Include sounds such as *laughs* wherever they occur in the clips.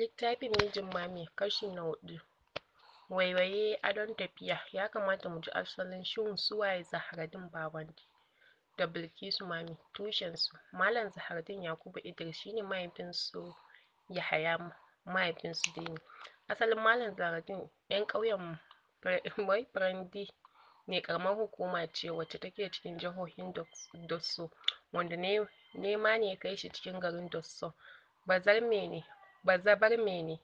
Littafin Mijin Mami Kashi na Huɗu Waiwaye adon tafiya ya kamata mu ji asalin shin su waye Zahraddeen Babanji da Bilkisu Mami tushensu Malam Zahraddeen Yakubu Idris shi ne mahaifinsu Yahaya mahaifinsu Dini. Asalin Malam Zahraddeen 'yan ƙauyen Barndi ne ƙaramar hukuma ce wacce take cikin jihohin Dosso wanda nema ne ya kai shi cikin garin Dosso. Bazarme ne Ba bazabarme ne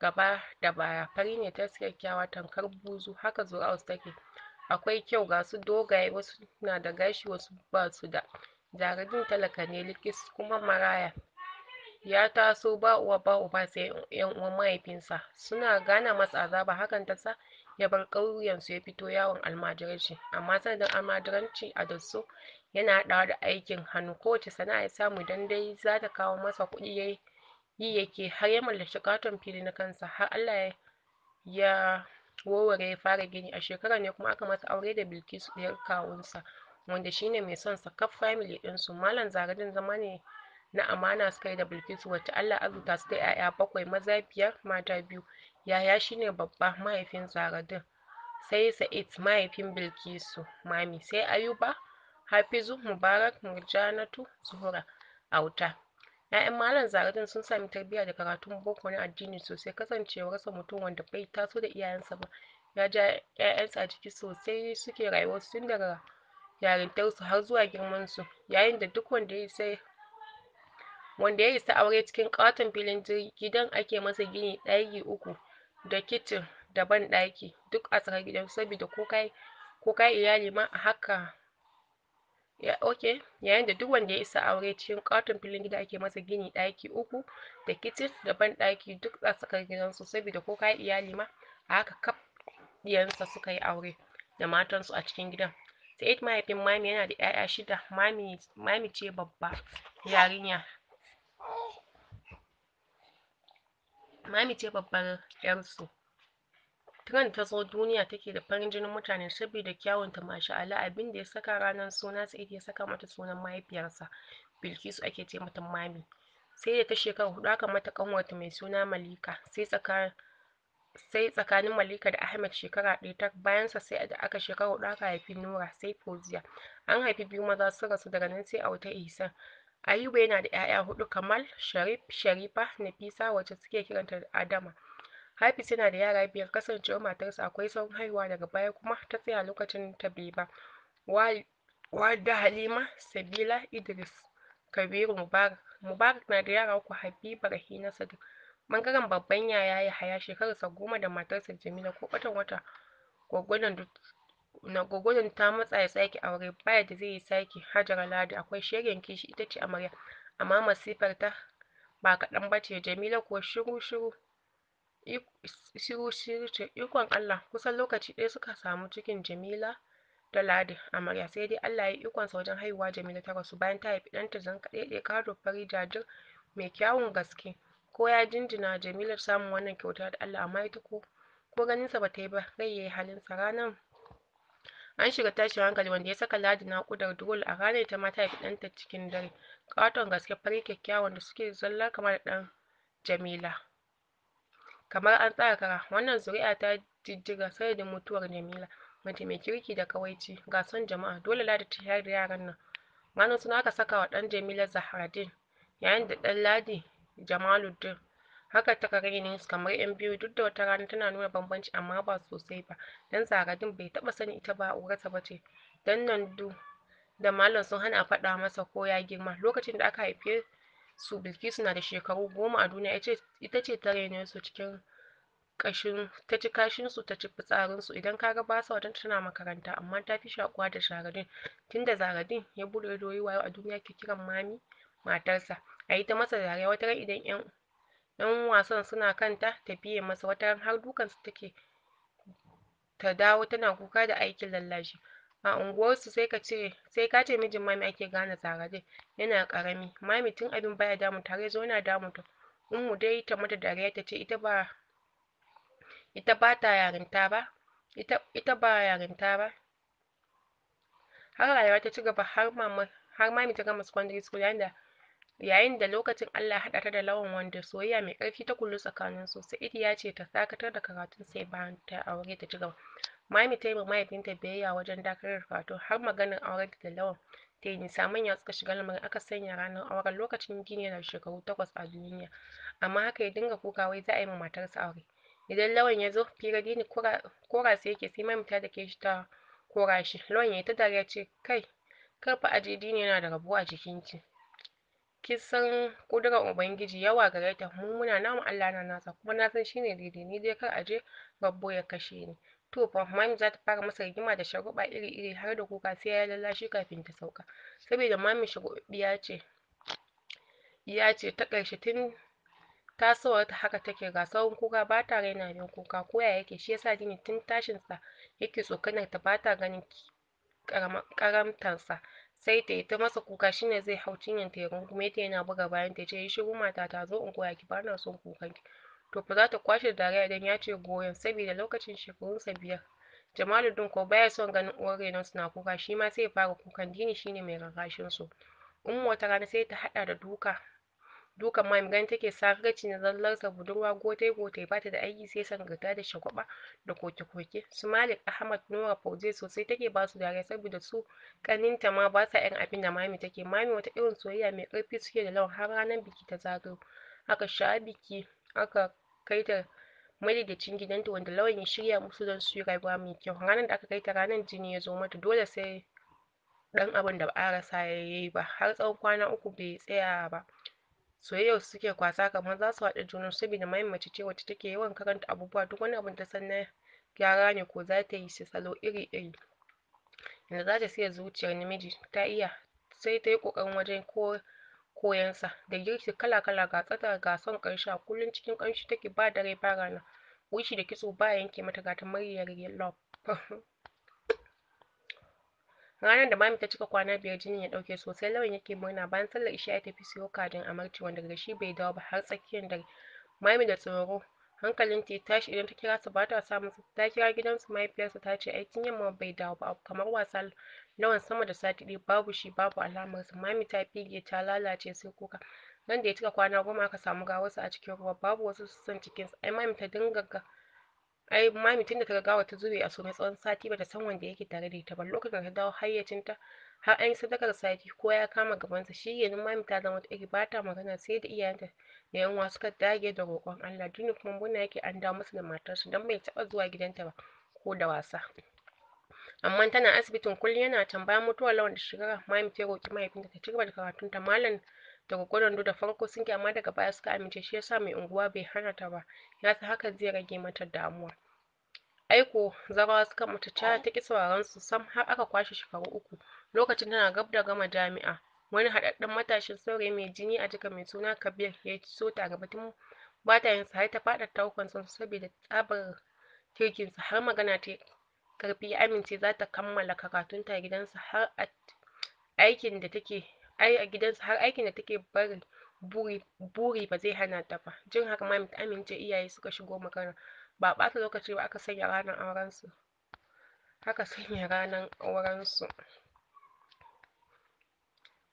gaba da baya fari ne ta kyakkyawa tamkar buzu haka zuwa take akwai kyau ga su dogaye wasu na da gashi wasu ba su da jaridin talaka ne likis kuma maraya ya taso ba uwa ba uba sai yan uwan mahaifinsa suna gane masa azaba hakan ta sa ya bar ƙauyensu ya fito yawon almajiranci amma sanadin almajiranci a dasu yana haɗawa da aikin hannu kowace sana'a ya samu don dai za ta kawo masa kuɗi yayi yi yake har ya mallaki katon fili na kansa har Allah ya warware ya fara gini a shekarar ne kuma aka masa aure da Bilkisu ɗiyar kawunsa wanda shine mai son sa kaf family ɗinsu Malam Zaradin zama ne na amana suka yi da Bilkisu wacce Allah azuta su da 'ya'ya bakwai maza biyar mata biyu yaya shine babba mahaifin Zaradin sai Sa'id mahaifin Bilkisu Mami sai Ayuba Hafizu Mubarak Murjanatu Zuhura Auta 'ya'yan malam zagadin sun sami tarbiyya da karatun boko na addini sosai kasancewarsa mutum wanda bai taso da iyayensa ba ya ja sa a jiki sosai suke rayuwarsu tun daga yarintarsu har zuwa girman su yayin da duk wanda ya isa wanda ya isa aure cikin ƙaton filin gidan ake masa gini ɗaki uku da kicin da banɗaki duk a tsakar gidan sabida ko kayi ko kayi iyali ma a haka ya oke yayin da duk wanda ya isa aure cikin katon filin gida ake masa gini ɗaki uku da kicin da ban ɗaki duk a tsakar gidansu saboda ko kai iyali ma a haka kaf ɗiyansa suka yi aure da matansu a cikin gidan Sa'id mahaifin Mami yana da ‘ya'ya shida, Mami, Mami ce babba yarinya. Mami ce babbar ‘yarsu. Trent ta zo duniya take da farin jinin mutane saboda kyawunta masha'Allah abin da ya saka ranar suna ita ya saka mata sunan mahaifiyarsa, Bilkisu ake ce mata Mami. Sai da ta shekara huɗu aka mata ƙanwarta mai suna Malika, sai tsakanin Malika da Ahmed shekara ɗaya bayan sa sai da aka shekara hudu aka haifi Nura, sai fozia An haifi biyu maza su rasu daga nan sai auta isa Ayuba yana da 'ya'ya hudu Kamal, Sharif, Sharifa, Nafisa wacce suke kiranta da Adama. Hafiz yana da yara biyar kasancewar matarsa akwai saurin haihuwa daga baya kuma ta tsaya lokacin ta bai ba. Halima, Sabila, Idris, Kabiru, Mubarak. Mubarak na da yara uku Habiba, Rahina, Sadiq. Ɓangaren babban yaya Yahaya shekararsa goma da matarsa Jamila ko watan wata gwaggwadon ta matsa ya tsaki aure baya da zai yi sake Hajara Ladi akwai shirin kishi ita ce amarya amma masifar ta ba kaɗan ba ce Jamila ko shiru shiru ikon Allah kusan lokaci ɗaya suka samu cikin Jamila da Ladi? amarya sai dai Allah ya yi ikonsa wajen haihuwa Jamila ta rasu bayan ta haifi ɗanta zankaɗeɗe ƙato fari jajir mai kyawun gaske Ko ya jinjina Jamila samun wannan kyauta da Allah amma ita ko ko ganinsa ba ta yi ba rai ya yi halinsa ranar an shiga tashin hankali wanda ya saka Ladi naƙudar dole a ranar ita ma ta haifi ɗanta cikin dare ƙaton gaske fari kyakkyawan da suke zallar kamar da ɗan Jamila kamar an tsara kara wannan zuri'a ta jijjiga sanadin mutuwar Jamila mace mai kirki da kawaici ga son jama'a dole Ladi ta shayar da yaran nan ranar suna aka saka wa ɗan Jamila din yayin da ɗan Ladi Jamaluddin haka ta kare kamar yan biyu duk da wata rana tana nuna bambanci amma ba sosai ba dan Zahraddeen bai taɓa sanin ita ba uwarsa ba ce dan Nandu da Malam sun hana a faɗa masa ko ya girma lokacin da aka haife su Bilkisu na da shekaru goma a duniya ita ce ta raine su cikin kashin ta ci kashin su ta ci fitsarin su idan kaga ba sa wajen tana makaranta amma ta fi shakuwa da Zaradin tunda Zaradin ya bude ido wayo a duniya ke kiran mami matarsa a yi ta masa dariya wata ran idan yan yan wasan suna kanta ta biye masa wata ran har dukansu take ta dawo tana kuka da aikin lallashi a unguwarsu sai ka ce sai ka ce mijin mami ake gane tsararre yana ƙarami mami tun abin baya damun ta har yazo damun ta mu dai ta mata dariya ta ce ita ba ita ba ta yarinta ba ita ita ba yarinta ba har rayuwa ta ci gaba har mama har mami ta gama secondary school yayin da yayin da lokacin Allah ya haɗa ta da Lawan wanda soyayya mai ƙarfi ta kullu tsakaninsu Sa'id ya ce ta dakatar da karatun sai bayan ta aure ta ci gaba Mami ta yi ma mahaifinta biyayya wajen dakarar karatu har maganar aure da Lawan ta yi nisa manya suka shiga lamarin aka sanya ranar auren lokacin Dini na shekaru takwas a duniya amma haka ya dinga kuka wai za a yi ma matarsa aure. Idan Lawan ya zo fira Dini kora sai yake sai Mami ta dake shi ta kora shi. Lawan ya ta dariya ce kai kar fa ji Dini yana da rabo a jikinki. kin san ƙudurar Ubangiji yawa gare ta mu muna namu Allah na nasa kuma na san shine daidai ni dai kar a je rabo ya kashe ni To Mami za ta fara masa rigima da sharuɓa iri-iri har da kuka sai ya lallashi kafin ta sauka. Saboda Mami sharuɓiya ce, ya ce ta ƙarshe tun tasowarta haka take ga saurin kuka ba ta raina abin kuka ko ya yake shi yasa Dini tun sa yake tsokanar ta ba ta ganin karamtarsa sai ta yi ta masa kuka shine zai hau cinyanta ya rungume ta yana buga bayan ta ce yi shiru mata ta zo in koya ki ba na son kukan to fa za ta kwashe da dariya idan ya ce goyon saboda lokacin shekarunsa biyar jamalu din ko baya son ganin uwar renon suna kuka shi ma sai ya fara kukan dini shine mai rarrashin su Umma wata rana sai ta haɗa da duka dukan ma ganin take sakarci na zallarsa budurwa gote ba bata da aiki sai sangarta da shagwaba da koke koke su Malik Ahmad Nura Fauje sosai take ba su dariya saboda su kaninta ma ba sa yan abin da mami take mami wata irin soyayya mai ƙarfi suke da lawan har ranar biki ta zagayo aka sha biki aka kai ta madaidaicin gidanta wanda Lawan ya shirya musu don su yi rayuwa mai kyau. Ranar da aka kaita ranar jini ya zo mata dole sai dan abin da ba a rasa ya yi ba har tsawon kwana uku bai tsaya ba. Soyayyar su suke kwasa kamar za su haɗa juna saboda mayan mace ce wacce take yawan karanta abubuwa duk wani abin ta san na gyara ne ko za ta yi shi salo iri-iri. yanzu za ta siya zuciyar namiji ta iya sai ta yi ƙoƙarin wajen ko sa da girki kala-kala ga tsada ga son ƙarshe a kullum cikin ƙamshi take ba da rai ba rana wishi da kitso ba yanke mata ga ta muryar love *laughs* ranar da mami ta cika kwana biyar jinin ya ɗauke sosai lawan yake murna bayan sallar isha ya tafi siyo kajin amarci wanda daga shi bai dawo ba har tsakiyar dare mami da tsoro ta ya tashi idan ta kira su ba ta samu ta kira gidansu mahaifiyarsa ta ce aikin yamma bai dawo ba kamar wasa yawan sama da sati ɗaya babu shi babu alamarsa. Mami ta fige ta lalace sai kuka. Nan da ya cika kwana goma aka samu ga wasu a cikin ruwa babu wasu cikin su. Ai mami ta dinga ga ai mami tunda ta ga gawar ta zube a sume tsawon sati bata san wanda yake tare da ita ba. Lokacin da ta dawo ta har an yi sadakar sati ko ya kama gabansa shi kenan mami ta zama wata iri ba ta magana sai da iyayenta da yan uwa suka dage da roƙon Allah. Dini kuma murna yake an dawo masa da matarsa don bai taɓa zuwa gidanta ba ko da wasa. amma tana asibitin kullum yana tambaya mutuwar lawan da shekara Maim ta roƙi mahaifinta ta cigaba da ta malam da gwargwadon da farko sun amma daga baya suka amince shi yasa mai unguwa bai hana ta ba ya haka haka zai rage mata damuwa aiko zarawa suka mata ta ki sauraron su sam har aka kwashe shekaru uku lokacin tana gab da gama jami'a wani haɗaɗɗen matashin saurayi mai jini a jika mai suna kabir ya so ta gaba tun ba ta yin har ta faɗa taukan sun saboda tsabar kirkinsa har magana ta karfi ya amince ta kammala karatunta a gidansa har a aikin da take ai a gidansa har aikin da take bari buri buri ba zai hana ta ba jin haka Mami ta amince iyaye suka shigo magana ba ɓata lokaci ba aka sanya ranar auren aka sanya ranar auren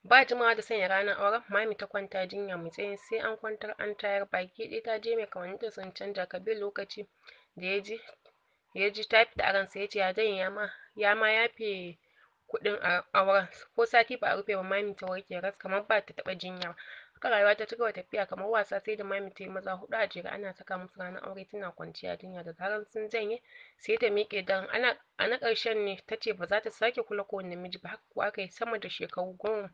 ba jimawa da sanya ranar auren mami ta kwanta jinya mai tsayi sai an kwantar an tayar baki ɗaya ta je mai ta sun canja bin lokaci da ya ji ya ji ta fita a ransa ya ce ya yama ya ma ya ma yafe kuɗin auren ko sati ba a rufe ba mami ta warke ras kamar ba ta taɓa jinya ba haka rayuwa ta cigaba tafiya kamar wasa sai da mami ta yi maza hudu a jere ana saka musu ranar aure tana kwanciya jinya da zarar sun janye sai ta miƙe dan ana a na ƙarshen ne ta ce ba za ta sake kula ko namiji ba haka kuwa aka yi sama da shekaru goma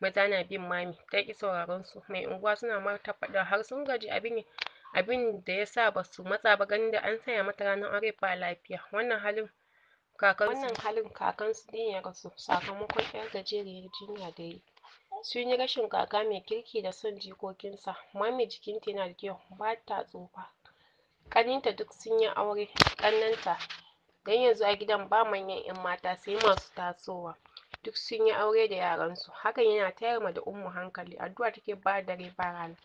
maza na bin mami ta ƙi sauraron su mai unguwa suna ma ta faɗa har sun gaji abin abin da ya sa ba su matsa ba ganin da an saya mata ranar aure ba lafiya wannan halin kakan wannan halin kakansu ne ya rasu sakamakon 'yar gajeriyar jinya da yi sun yi rashin kaka mai kirki da son jikokinsa mami jikinta yana da kyau ba ta tsufa ƙaninta duk sun yi aure ƙannanta don yanzu a gidan ba manyan 'yan mata sai masu tasowa duk sun yi aure da yaransu hakan yana tayar ma da ummu hankali addu'a take ba dare ba rana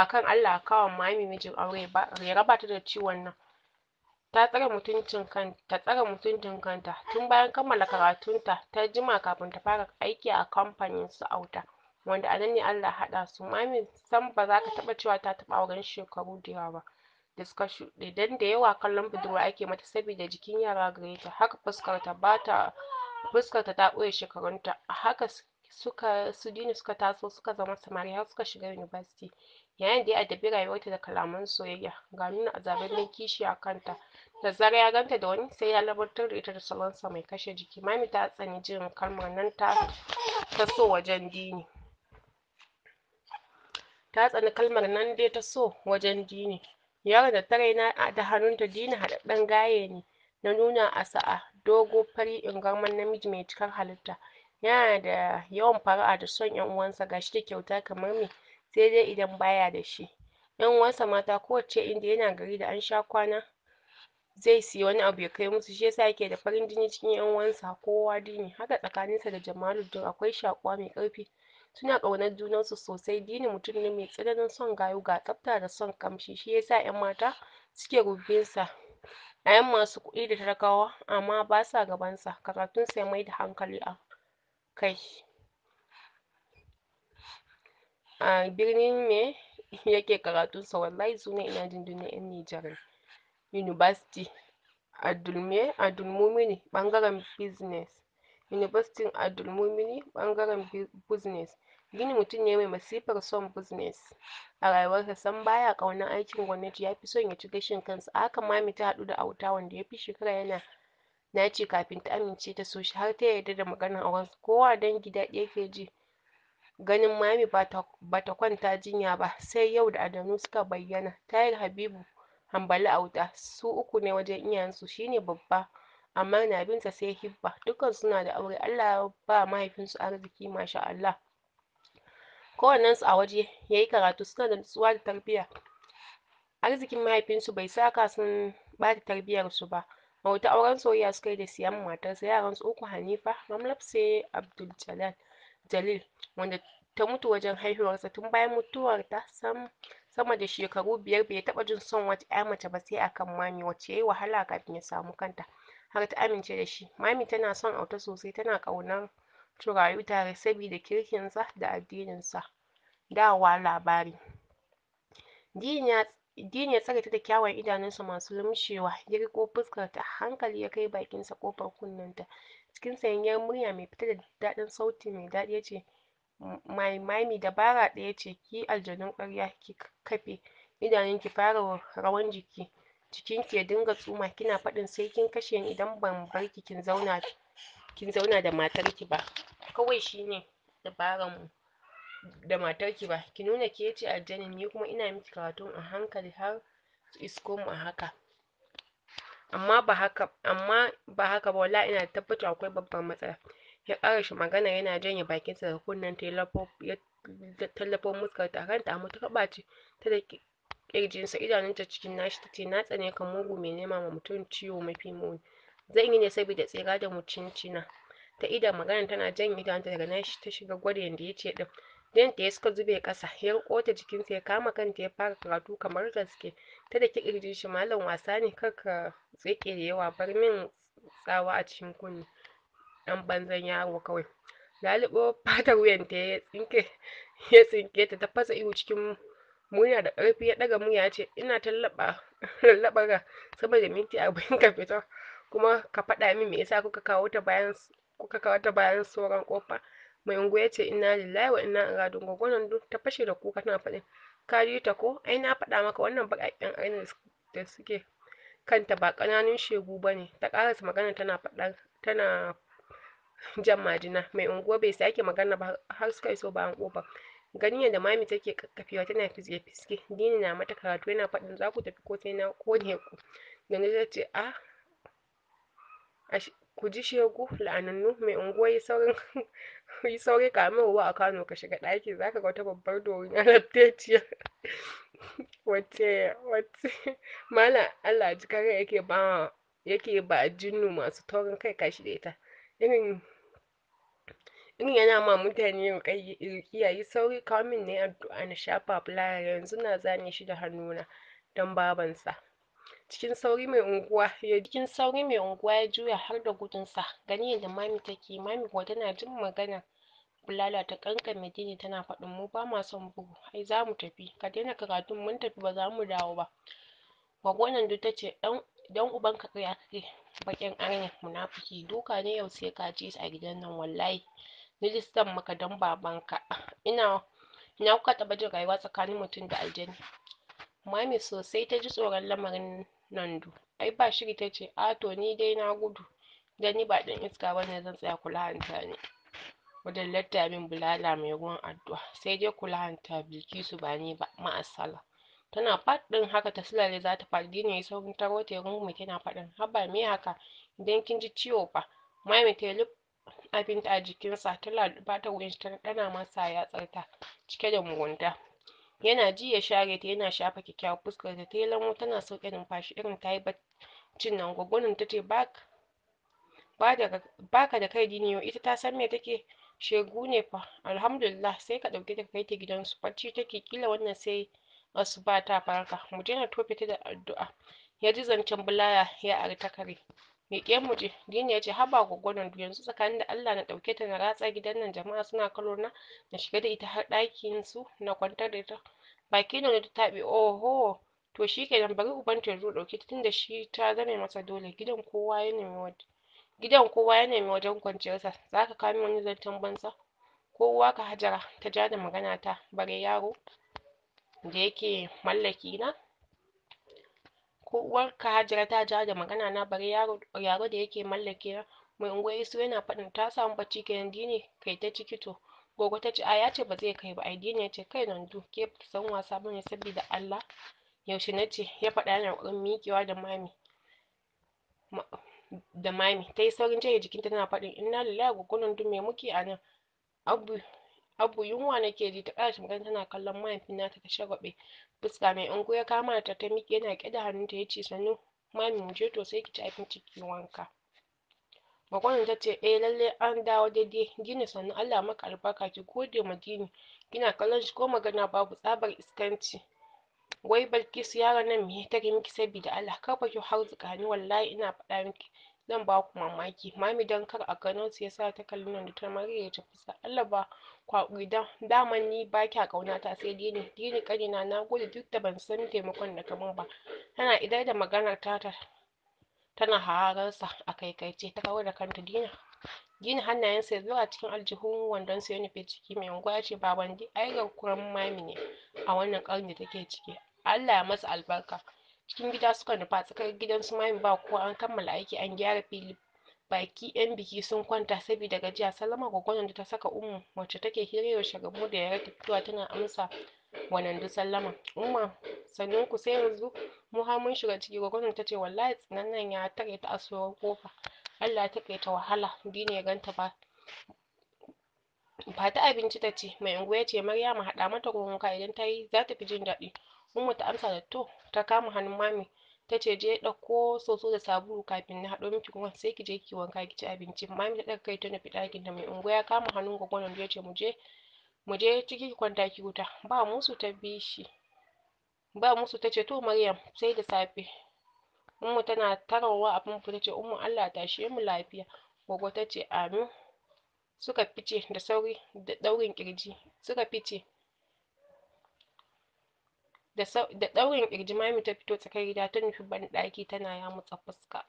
akan Allah a kawo mami mijin aure ba ya raba ta da ciwon nan ta tsare mutuncin kan ta tsare mutuncin kanta tun bayan kammala karatunta ta jima kafin ta fara aiki a kamfanin su auta wanda a nan ne Allah haɗa su mami san ba za ka taɓa cewa ta taɓa auren shekaru da yawa ba da suka shuɗe dan da yawa kallon budurwa ake mata saboda jikin yara gare ta haka fuskar ta ba ta fuskar ta ta ɓoye shekarunta a haka suka su dini suka taso suka zama samari har suka shiga university yayin da ya addabi rayuwarta da kalaman soyayya ga nuna azababben kishi a kanta da zara ya ganta da wani sai ya labartar da ita da salonsa mai kashe jiki mami ta tsani jin kalmar nan ta ta so wajen dini ta tsani kalmar nan dai ta so wajen dini yaron da ta raina da hannunta dini haɗaɗɗen gaye ne na nuna a sa'a dogo fari ingarman namiji mai cikar halitta yana da yawan fara'a da son 'yan uwansa gashi da kyauta kamar me sai dai idan baya da shi Ƴan uwansa mata kowacce inda yana gari da an sha kwana zai siya wani abu ya kai musu shi yasa yake da farin jini cikin ƴan uwansa kowa dini haka tsakaninsa da Jamaluddin akwai shakuwa mai ƙarfi suna ƙaunar junansu sosai dini mutum ne mai tsananin son gayu ga tsafta da son ƙamshi. shi yasa yan mata suke rufinsa a ƴan masu kuɗi da talakawa amma basa gabansa karatunsa ya maida hankali a kai a birnin me *laughs* yake karatunsa wallahi suna ina jin duniya yan Nijar University Adulme Adulmumini bangaren business University Adulmumini bangaren business Gini mutum ne mai masifar son business a rayuwarsa san baya ƙaunar aikin gwamnati ya fi son ya ci gashin kansa haka mami ta haɗu da auta wanda ya fi shekara yana naci kafin ta amince ta so shi har ta yarda da maganar wasu. kowa dangi daɗi yake ji ganin Mami ba kwanta jinya ba sai yau da alamu suka bayyana Tayar Habibu hambali a wuta, su uku ne wajen iyayensu shine babba amma binsa sai Hibba, dukkan suna da aure Allah ba mahaifinsu arziki Masha Allah. Kowannensu a waje ya yi karatu suna da nutsuwa da tarbiyya. Arzikin mahaifinsu bai saka sun bata tarbiyyarsu ba. A auren soyayya suka yi da siyan matarsa yaransu uku Hanifa, Mamlab sai Abdul Jalal. Jalil, wanda ta mutu wajen haihuwarsa tun bayan mutuwarta sam sama da shekaru biyar bai taɓa jin son wata 'ya mace ba sai akan Mami wacce yayi wahala kafin ya samu kanta har ta amince da shi. Mami tana son Auta sosai tana ƙaunar su tare sabida kirkinsa da addininsa. Dawowa labari. dini ya tsare ta da kyawun idanunsa masu lumshewa, ya riƙo fuskarta a hankali ya kai bakinsa ƙofar kunnenta. cikin sanyanyar murya mai fita da daɗin sauti mai daɗi ya ce Maimami dabara ɗaya ce ki aljanun ƙarya ki kafe idanun ki fara rawan jiki jikin ki ya dinga tsuma kina faɗin sai kin kashe ni idan ban bar kin zauna kin zauna da matar ki ba kawai shine dabaran mu da matar ki ba ki nuna ke ce aljanin ni kuma ina miki karatun a hankali har su isko mu a haka amma ba haka amma ba haka ba wallahi ina da tabbacin akwai babbar matsala ya ƙara shi magana yana janye bakinsa daga kunnen ta ya tallafo kanta a ta ɓaci ta da ƙirjinsa idanunta cikin nashi ta ce na tsane ka mugu mai nema ma mutum ciwo mafi muni zan yi ne saboda tsira da mucincina ta ida magana tana jan idanunta daga nashi ta shiga gwada yanda ya ce ɗin ya suka zube ƙasa, ya riƙo ta jikinsa ya kama kanta ya fara karatu kamar gaske, ta daki ƙirjin shi “Malam wasa ne, kar ka da yawa, bar min tsawa a cikin kunne, ɗan banzan yaro kawai.” Lalubo *laughs* fatar wuyanta ya ya tsinke ta, ta fasa ihu cikin murya da ƙarfi, ya ɗaga murya ya ce, “Ina ta *laughs* lallaɓa sama da minti arba'in ka fita, kuma ka faɗa min me yasa kuka kawo ta bayan sauran ƙofa.” mai unguwa ya ce ina lillahi wa inna ilaihi raji'un gwagwanon duk ta fashe da kuka tana faɗin ka ji ta ko ai na faɗa maka wannan baƙaƙen aini da suke kanta ba ƙananun shegu ba ne ta ƙarasa magana tana faɗa tana jan majina mai unguwa bai sake magana ba har suka iso bayan ƙofar ganin yadda mami take kakkafewa tana fizge fiske dini na mata karatu yana faɗin za ku tafi ko sai na kone ku yanzu ta ce a ah, ku ji shegu la'anannu mai unguwa yi saurin *laughs* yi sauri ruwa a Kano ka shiga ɗaki zaka ga wata babbar doriya lafteciya *laughs* *laughs* wacce wacce malam Allah ji kare yake ba yake ba jinnu masu taurin kai kashi da ita irin irin yana ma mutane riƙiya yi sauri kamin ne addu'a na shafa fulaya yanzu na zane shi da hannuna don babansa cikin sauri mai unguwa ya cikin sauri mai unguwa ya juya har da gudunsa gani yadda mami take mami kuwa tana jin magana bulala ta kankame gini tana faɗin mu ba ma son bugu ai za mu tafi ka daina karatun mun tafi ba za mu dawo ba gwagwanan duk ta ce dan uban ka tsaya kake baƙin aryan munafuki duka ne yau sai ka ci a gidan nan wallahi zan maka don babanka ina ina kuka taɓa jin rayuwa tsakanin mutum da aljani mami sosai ta ji tsoron lamarin Nandu, Ai ba shiri ta ce, a to ni dai na gudu, dan ni ba ɗan iska ba ne zan tsaya kula hanta ne. Wajen latta min bulala mai ruwan addu'a, sai dai kula hanta Bilkisu ba ni ba, ma'asala. Tana faɗin haka ta silale za ta faɗi dina ya saurin taro ta rungume tana faɗin haba me haka idan kin ji ciwo fa. Mami ta yi abinta a jikinsa ta laluba ta wuyan shi ta ɗana masa yatsarta cike da mugunta. Yana ji ya share ta yana shafa kyakkyawa fuskar ta yi lamo tana sauke numfashi irin ta yi baccin nan gwaggwanin ta ce ba ka da kai diniyo ita ta san me take shegu ne fa alhamdulillah sai ka ɗauke ta kai ta gidansu bacci take kila wannan sai ba ta farka mu daina tofe ta da addu'a ya ji zancen bulaya ya ari kare miƙe mu je dini ya ce haba gwaggwanon yanzu tsakanin da Allah na ɗauke ta na ratsa gidan nan jama'a suna kallo na na shiga da ita har ɗakin su na kwantar da ita baki da ta taɓe oho to shi kenan bari ku ya zo ɗauke ta tunda shi ta zame masa dole gidan kowa ya nemi wajen gidan kowa ya nemi wajen kwanciyarsa za ka kawo wani zancen banza kowa ka hajara ta ja da magana ta bare yaro da yake mallaki na ko uwarka hajara ta ja da magana na bari yaro yaro da yake mallake mai unguwar isu yana faɗin ta samu bacci kenan dini kai ta ciki to gogo ta ce a ya ce ba zai kai ba ai dini ya ce kai nan du ke ba san wasa ba ne saboda Allah yaushe na ce ya faɗa yana ƙoƙarin miƙewa da mami da mami ta yi saurin janye jikinta tana faɗin inna lillahi gogo nan du mai muke a nan abu abu yunwa nake ji ta ƙara magana tana kallon mahaifin nata ta shagwaɓe fuska mai ungu ya kama ta ta miƙe yana riƙe da hannunta ya ce sannu mami mu je to sai ki ci abinci ki wanka Magwanin ta ce eh lalle an dawo daidai Gini, sannu Allah maka albarka ki gode ma gini? kina kallon shi ko magana babu tsabar iskanci wai Balkisu yaron nan me take miki sabida Allah kar ki harzuka ni wallahi ina faɗa miki zan ba ku mamaki mami don kar a gano su yasa ta kalli nan da ta maraya ta sa Allah ba kwaƙuri da daman ni ba kya ta, sai dini dini ƙanina na gode duk da ban san taimakon da kamun ba tana idar da maganar ta tana hararsa a kaikaice ta kawo da kanta dina gini hannayensa ya zuwa cikin aljihun wandon sa ya nufi ciki mai unguwa ya ce baban di ai garkuwar mami ne a wannan ƙarni da take ciki Allah ya masa albarka cikin gida suka nufa tsakar gidan su mayin ba ko an kammala aiki an gyara fili baki yan biki sun kwanta saboda gajiya salama gwagwanon da ta saka umu wacce take hira da shagamu da yare ta fitowa tana amsa wanan du sallama umma sannan ku sai yanzu mu har mun shiga ciki gwagwanon ta ce wallahi tsinannan ya tare ta asuwar kofa Allah ya tare ta wahala dini ya ganta ba abinci ta ce mai unguwa ya ce maryama haɗa mata ruwan idan tayi yi fi jin daɗi umma ta amsa da to ta kama hannun mami ta ce je ɗauko soso da sabulu kafin na haɗo miki kuma sai ki je ki wanka ki ci abinci mami ta ɗaga kai ta nufi ɗakin da mai unguwa ya kama hannun gwagwanon ya ce mu je mu je ciki ki kwanta ki huta ba musu ta bi shi ba musu ta ce to maryam sai da safe ummu tana tarawa a famfo ta ce ummu allah tashe mu lafiya gwagwa ta ce amin suka fice da sauri da ɗaurin ƙirji suka fice da ɗaurin ƙirji ta fito tsakar gida ta nufi banɗaki tana yamutsa fuska.